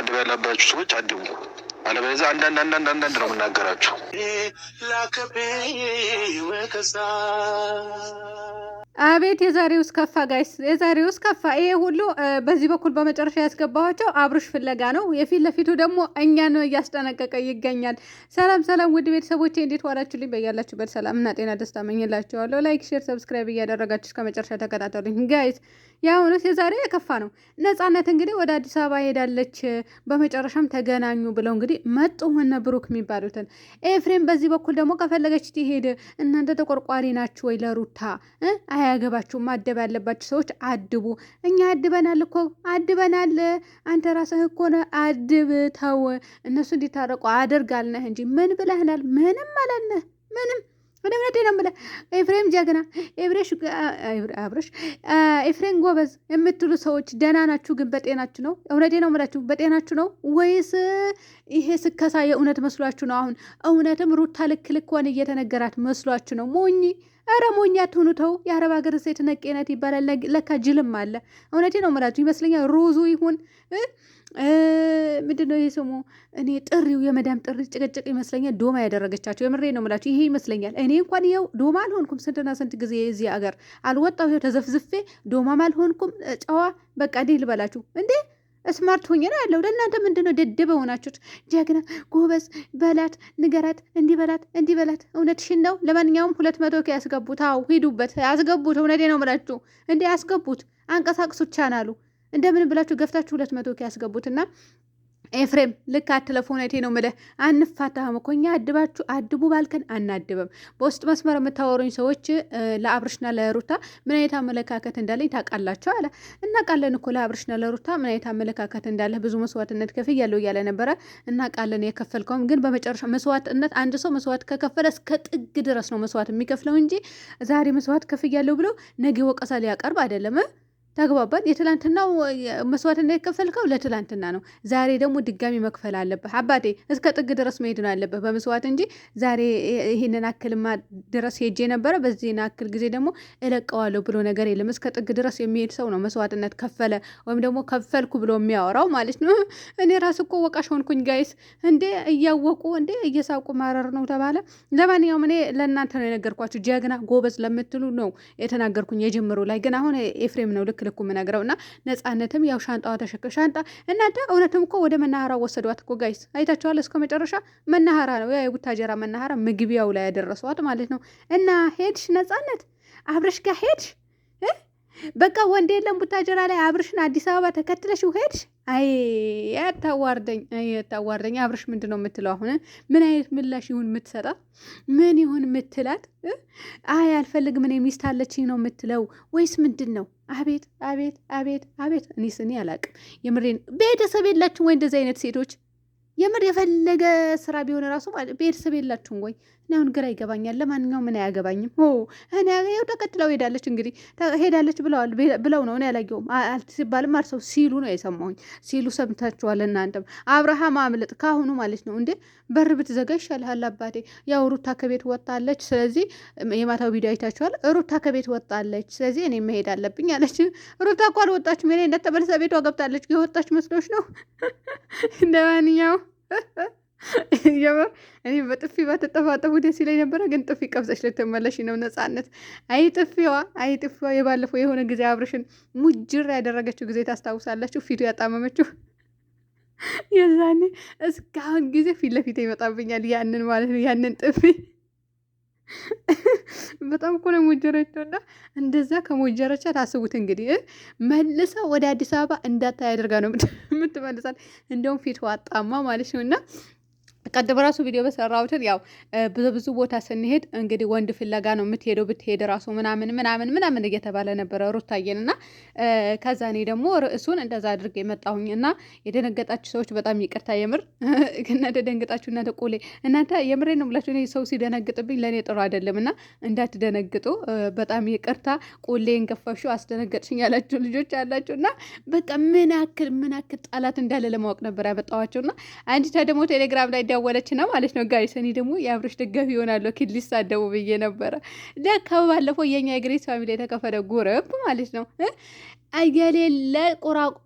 አድብ ያለባችሁ ሰዎች አድቡ። አለበለዚያ አንዳንድ አንዳንድ አንዳንድ ነው የምናገራችሁ። አቤት የዛሬው እስከፋ ጋይስ፣ የዛሬው እስከፋ። ይሄ ሁሉ በዚህ በኩል በመጨረሻ ያስገባኋቸው አብርሽ ፍለጋ ነው። የፊት ለፊቱ ደግሞ እኛ ነው እያስጠነቀቀ ይገኛል። ሰላም ሰላም፣ ውድ ቤተሰቦቼ እንዴት ዋላችሁልኝ? በያላችሁበት ሰላምና ጤና ደስታ መኝላችኋለሁ። ላይክ፣ ሼር፣ ሰብስክራይብ እያደረጋችሁ እስከ መጨረሻ ተከታተሉኝ ጋይስ። ያ እውነት የዛሬው የከፋ ነው። ነጻነት እንግዲህ ወደ አዲስ አበባ ሄዳለች። በመጨረሻም ተገናኙ ብለው እንግዲህ መጡ ሆነ ብሩክ የሚባሉትን። ኤፍሬም በዚህ በኩል ደግሞ ከፈለገች ትሄድ። እናንተ ተቆርቋሪ ናችሁ ወይ ለሩታ አያገባችሁም። ማደብ ያለባችሁ ሰዎች አድቡ። እኛ አድበናል እኮ አድበናል። አንተ ራስህ እኮ ነህ አድብ። ተው እነሱ እንዲታረቁ አደርጋልነህ እንጂ ምን ብለህናል? ምንም አላልነህ ምንም ወደ እምነቴ ነው ምለ ኤፍሬም ጀግና፣ አብረሽ ኤፍሬም ጎበዝ የምትሉ ሰዎች ደህና ናችሁ? ግን በጤናችሁ ነው? እውነቴ ነው ምላችሁ በጤናችሁ ነው ወይስ ይሄ ስከሳ የእውነት መስሏችሁ ነው? አሁን እውነትም ሩታ ልክ ልክ ሆን እየተነገራት መስሏችሁ ነው? ሞኝ ኧረ ሞኛ ተው። የአረብ ሀገር ሴት ነቄነት ይባላል። ለካ ጅልም አለ። እውነቴ ነው የምላችሁ ይመስለኛል። ሮዙ ይሁን ምንድነው ነው ስሙ? እኔ ጥሪው የመዳም ጥሪ ጭቅጭቅ ይመስለኛል ዶማ ያደረገቻቸው። የምሬ ነው የምላችሁ ይሄ ይመስለኛል። እኔ እንኳን ይኸው ዶማ አልሆንኩም። ስንትና ስንት ጊዜ እዚህ ሀገር አልወጣሁ። ይኸው ተዘፍዝፌ ዶማም አልሆንኩም። ጨዋ በቃ እንዴ ልበላችሁ እንዴ ስማርት ሆኜ ነው ያለው። ለእናንተ ምንድን ነው ደደበ ሆናችሁት? ጀግና ጎበዝ በላት ንገራት፣ እንዲህ በላት እንዲህ በላት። እውነትሽን ነው። ለማንኛውም ሁለት መቶ ኬ ያስገቡት። አዎ ሂዱበት፣ ያስገቡት። እውነቴ ነው የምላችሁ። እንዲህ ያስገቡት፣ አንቀሳቅሱት ቻናሉ እንደምን ብላችሁ ገፍታችሁ ሁለት መቶ ኬ ያስገቡትና ኤፍሬም ልክ አትለፎነቴ ነው ምለህ አንፋታህም እኮ እኛ አድባችሁ አድቡ ባልከን አናድበም። በውስጥ መስመር የምታወሩኝ ሰዎች ለአብርሽና ለሩታ ምን አይነት አመለካከት እንዳለኝ ታውቃላችሁ አለ። እናውቃለን እኮ ለአብርሽና ለሩታ ምን አይነት አመለካከት እንዳለ ብዙ መስዋዕትነት ከፍ ያለው እያለ ነበረ። እናውቃለን የከፈልከውም፣ ግን በመጨረሻ መስዋዕትነት አንድ ሰው መስዋዕት ከከፈለ እስከ ጥግ ድረስ ነው መስዋዕት የሚከፍለው እንጂ ዛሬ መስዋዕት ከፍ ያለው ብሎ ነገ ወቀሳ ሊያቀርብ አይደለም። ተግባባን። የትላንትናው መስዋዕትና የከፈልከው ለትላንትና ነው። ዛሬ ደግሞ ድጋሚ መክፈል አለብህ አባቴ። እስከ ጥግ ድረስ መሄድ ነው ያለብህ በመስዋዕት እንጂ ዛሬ ይህንን አክልማ ድረስ ሄጄ ነበረ፣ በዚህ አክል ጊዜ ደግሞ እለቀዋለሁ ብሎ ነገር የለም። እስከ ጥግ ድረስ የሚሄድ ሰው ነው መስዋዕትነት ከፈለ ወይም ደግሞ ከፈልኩ ብሎ የሚያወራው ማለት ነው። እኔ ራስ እኮ ወቃሽ ሆንኩኝ ጋይስ። እንዴ እያወቁ እንዴ እየሳቁ ማረር ነው ተባለ። ለማንኛውም እኔ ለእናንተ ነው የነገርኳችሁ፣ ጀግና ጎበዝ ለምትሉ ነው የተናገርኩኝ። የጀምሮ ላይ ግን አሁን ኤፍሬም ነው ልክ ልክ ልኩ ምነግረው እና ነፃነትም ያው ሻንጣዋ ተሸክ ሻንጣ እናንተ እውነትም እኮ ወደ መናኸራ ወሰዷት እኮ ጋይስ አይታችኋል። እስከ መጨረሻ መናኸራ ነው ያ የቡታጀራ መናኸራ መግቢያው ላይ ያደረሰዋት ማለት ነው። እና ሄድሽ ነፃነት አብረሽ ጋር ሄድሽ በቃ ወንድ የለም ቡታጀራ ላይ አብርሽን አዲስ አበባ ተከትለሽ ውሄድሽ። አይ ያታዋርደኝ፣ አይ ያታዋርደኝ። አብርሽ ምንድን ነው የምትለው አሁን? ምን አይነት ምላሽ ይሁን የምትሰጣ? ምን ይሁን የምትላት? አይ አልፈልግም እኔ ሚስት አለችኝ ነው የምትለው ወይስ ምንድን ነው? አቤት አቤት አቤት አቤት! እኔስ እኔ አላቅም የምሬን። ቤተሰብ የላችሁ ወይ እንደዚህ አይነት ሴቶች? የምር የፈለገ ስራ ቢሆን ራሱ ቤተሰብ የላችሁም ወይ? እኔ አሁን ግራ ይገባኛል። ለማንኛውም ምን አያገባኝም። እኔ ያው ተቀጥለው ሄዳለች እንግዲህ ሄዳለች ብለዋል ብለው ነው እኔ አላየሁም ሲባልም አርሰው ሲሉ ነው የሰማሁኝ። ሲሉ ሰምታችኋል እናንተም። አብርሃም አምልጥ ካሁኑ ማለት ነው እንዴ በር ብትዘጋ ይሻልሃል አባቴ። ያው ሩታ ከቤት ወጣለች፣ ስለዚህ የማታው ቪዲዮ አይታችኋል። ሩታ ከቤት ወጣለች፣ ስለዚህ እኔ መሄድ አለብኝ አለች። ሩታ እኮ አልወጣችም። እኔ እንደተመለሰ ቤቷ ገብታለች። የወጣች መስሎች ነው እንደማንኛውም ጀመር እኔ በጥፊ ባትጠፋጠፉ ደስ ይለኝ ነበረ፣ ግን ጥፊ ቀብፀሽ ልትመለሽ ነው ነፃነት። አይ ጥፊዋ፣ አይ ጥፊዋ። የባለፈው የሆነ ጊዜ አብርሽን ሙጅር ያደረገችው ጊዜ ታስታውሳላችሁ? ፊቱ ያጣመመችው የዛኔ እስካሁን ጊዜ ፊት ለፊት ይመጣብኛል። ያንን ማለት ነው ያንን ጥፊ በጣም እኮ ነው ሞጀረችው እና እንደዛ ከሞጀረቻ ታስቡት እንግዲህ መልሳ ወደ አዲስ አበባ እንዳታ ያደርጋ ነው የምትመልሳል። እንደውም ፊት ዋጣማ ማለት ነው እና ቀደም ራሱ ቪዲዮ በሰራሁትን ያው ብዙ ቦታ ስንሄድ እንግዲህ ወንድ ፍለጋ ነው የምትሄደው ብትሄድ ራሱ ምናምን ምናምን ምናምን እየተባለ ነበረ ሩታዬን እና ከዛ እኔ ደግሞ ርዕሱን እንደዛ አድርገ የመጣሁኝ እና የደነገጣችሁ ሰዎች በጣም ይቅርታ። የምር እናንተ ደንግጣችሁ እናንተ ቆሌ እናንተ የምሬ ነው ብላችሁ ሰው ሲደነግጥብኝ ለእኔ ጥሩ አይደለም እና እንዳትደነግጡ በጣም ይቅርታ። ቆሌ እንገፋሹ አስደነገጥሽኝ ያላችሁ ልጆች አላችሁ እና በቃ ምን ያክል ምን ያክል ጣላት እንዳለ ለማወቅ ነበር ያመጣኋቸው እና አንዲታ ደግሞ ቴሌግራም ላይ እየደወለች ነው ማለት ነው። ጋይስ እኔ ደግሞ የአብርሽ ደጋፊ ይሆናለሁ ኪድ ሊሳደቡ ብዬ ነበረ። ለካ ባለፈው የኛ የግሬስ ፋሚሊ የተከፈለ ጉርብ ማለት ነው የሌለ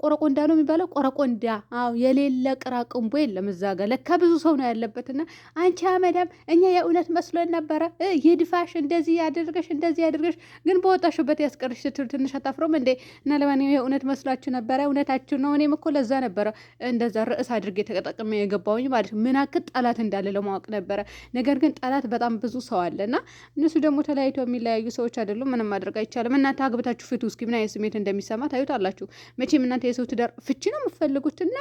ቆረቆንዳ ነው የሚባለው። ቆረቆንዳ አዎ፣ የሌለ ቅራቅንቦ የለም እዛ ጋር ለካ ብዙ ሰው ነው ያለበትና፣ አንቺ አመዳም እኛ የእውነት መስሎን ነበረ። ይድፋሽ፣ እንደዚህ ያደርገሽ፣ እንደዚህ ያደርገሽ፣ ግን በወጣሽበት ያስቀርሽ ስትሉ ትንሽ አታፍሮም እንዴ? እና ለማንኛውም የእውነት መስሏችሁ ነበረ፣ እውነታችሁ ነው። እኔም እኮ ለዛ ነበረ እንደዛ ርዕስ አድርጌ ተጠቅሜ የገባውኝ ማለት ምን አክል ጠላት እንዳለ ለማወቅ ነበረ። ነገር ግን ጠላት በጣም ብዙ ሰው አለና እነሱ ደግሞ ተለያይተው የሚለያዩ ሰዎች አይደሉም። ምንም ማድረግ አይቻልም። እናንተ አግብታችሁ ፊቱ እስኪ ምን አይነት ስሜት እንደሚሰ ሲሰማ ታዩታላችሁ። መቼም እናንተ የሰው ትዳር ፍቺ ነው የምትፈልጉትና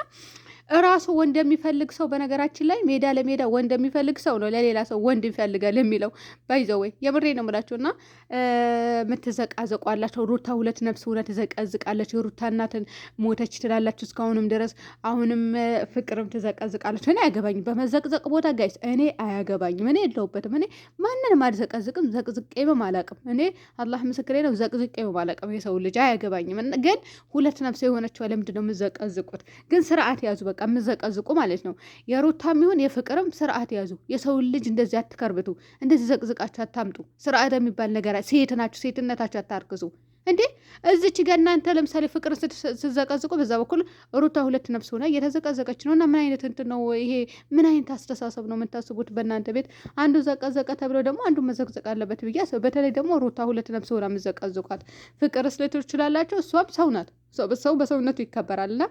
እራሱ ወንድ የሚፈልግ ሰው በነገራችን ላይ ሜዳ ለሜዳ ወንድ የሚፈልግ ሰው ነው ለሌላ ሰው ወንድ ይፈልጋል የሚለው ባይዘው ወይ የምሬ ነው የምላችሁ። እና የምትዘቃዘቋላቸው ሩታ ሁለት ነፍስ ሁለት ትዘቀዝቃለች። የሩታ እናትን ሞተች ትላላችሁ እስካሁንም ድረስ አሁንም ፍቅርም ትዘቀዝቃለች። እኔ አያገባኝም በመዘቅዘቅ ቦታ ጋይስ፣ እኔ አያገባኝም። እኔ የለሁበትም። እኔ ማንንም አልዘቀዝቅም። ዘቅዝቄም አላቅም። እኔ አላህ ምስክሬ ነው። ዘቅዝቄም አላቅም። የሰው ልጅ አያገባኝም። ግን ሁለት ነፍስ የሆነችው ለምንድን ነው የምዘቀዝቁት? ግን ስርዓት ያዙ። በቃ የምዘቀዝቁ ማለት ነው። የሩታም ይሁን የፍቅርም ስርዓት ያዙ። የሰውን ልጅ እንደዚህ አትከርብቱ፣ እንደዚህ ዘቅዝቃችሁ አታምጡ። ስርዓት የሚባል ነገር ሴት ናችሁ፣ ሴትነታችሁ አታርክሱ። እንዴ እዚች ጋ እናንተ ለምሳሌ ፍቅርን ስትዘቀዝቁ፣ በዛ በኩል ሩታ ሁለት ነፍስ ሆና እየተዘቀዘቀች ነው። እና ምን አይነት እንትን ነው ይሄ? ምን አይነት አስተሳሰብ ነው የምታስቡት? በእናንተ ቤት አንዱ ዘቀዘቀ ተብሎ ደግሞ አንዱ መዘቅዘቅ አለበት ብዬ አስብ። በተለይ ደግሞ ሩታ ሁለት ነፍስ ሆና የምዘቀዝቋት ፍቅር ስሌቶች ትችላላቸው። እሷም ሰው ናት። ሰው በሰውነቱ ይከበራል እና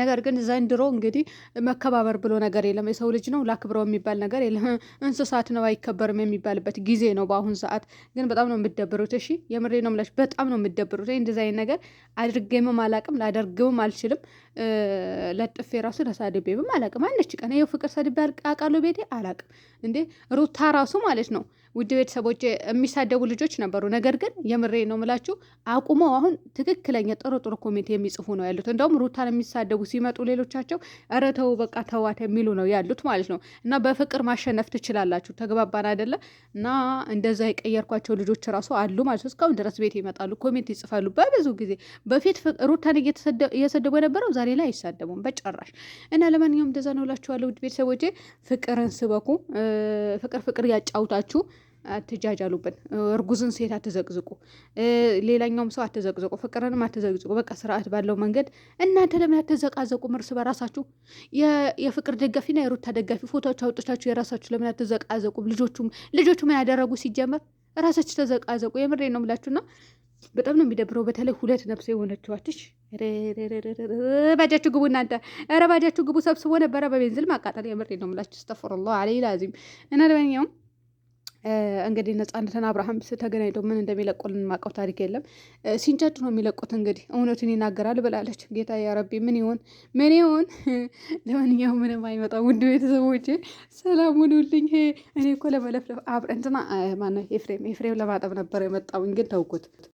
ነገር ግን ዘንድሮ እንግዲህ መከባበር ብሎ ነገር የለም። የሰው ልጅ ነው ላክብረው የሚባል ነገር የለም። እንስሳት ነው አይከበርም የሚባልበት ጊዜ ነው በአሁን ሰዓት። ግን በጣም ነው የምደብሩት። እሺ የምሬ ነው ምላሽ፣ በጣም ነው የምደብሩት። እንደዚህ አይነት ነገር አድርጌምም አላቅም፣ ላደርግምም አልችልም። ለጥፌ ራሱ ተሳድቤም አላቅም። አነች ቀን ይኸው ፍቅር ሰድቤ አውቃለሁ። ቤቴ አላቅም እንዴ ሩታ ራሱ ማለት ነው ውድ ቤተሰቦች የሚሳደቡ ልጆች ነበሩ። ነገር ግን የምሬ ነው የምላችሁ አቁመው አሁን ትክክለኛ ጥሩ ጥሩ ኮሜንት የሚጽፉ ነው ያሉት። እንደውም ሩታን የሚሳደቡ ሲመጡ ሌሎቻቸው ኧረ ተው በቃ ተዋት የሚሉ ነው ያሉት ማለት ነው። እና በፍቅር ማሸነፍ ትችላላችሁ። ተግባባን አይደለ? እና እንደዛ የቀየርኳቸው ልጆች ራሱ አሉ ማለት ነው። እስካሁን ድረስ ቤት ይመጣሉ፣ ኮሜንት ይጽፋሉ። በብዙ ጊዜ በፊት ሩታን እየተሰደቡ የነበረው ዛሬ ላይ አይሳደቡም በጭራሽ። እና ለማንኛውም እንደዛ ነው እላችኋለሁ ውድ ቤተሰቦቼ ፍቅርን ስበኩ። ፍቅር ፍቅር ያጫውታችሁ። አትጃጃሉብን። እርጉዝን ሴት አትዘቅዝቁ፣ ሌላኛውም ሰው አትዘቅዝቁ፣ ፍቅርንም አትዘቅዝቁ። በቃ ስርዓት ባለው መንገድ እናንተ ለምን አትዘቃዘቁም? እርስ በራሳችሁ የፍቅር ደጋፊና የሩታ ደጋፊ ፎቶዎች አውጥታችሁ የራሳችሁ ለምን አትዘቃዘቁም? ልጆቹ ልጆቹ ምን ያደረጉ ሲጀመር ራሳችሁ ተዘቃዘቁ። የምሬ ነው ምላችሁና በጣም ነው የሚደብረው። በተለይ ሁለት ነፍሰ የሆነችዋትሽ ባጃችሁ ግቡ እናንተ፣ ረባጃችሁ ግቡ። ሰብስቦ ነበረ በቤንዝል ማቃጠል። የምሬ ነው ምላችሁ። ስተፈረላ አለይ ላዚም እና ለማንኛውም እንግዲህ ነጻነትን አብርሃም ተገናኝተው ምን እንደሚለቁልን ማቀው ታሪክ የለም። ሲንጨጭ ነው የሚለቁት። እንግዲህ እውነቱን ይናገራል ብላለች። ጌታ ያረቢ ምን ይሆን ምን ይሆን? ለማንኛውም ምንም አይመጣ። ውድ ቤተሰቦቼ ሰላም ሁኑልኝ። እኔ እኮ ለመለፍለፍ አብረን እንትና ማነው ኤፍሬም ኤፍሬም ለማጠብ ነበር የመጣውኝ፣ ግን ተውኩት።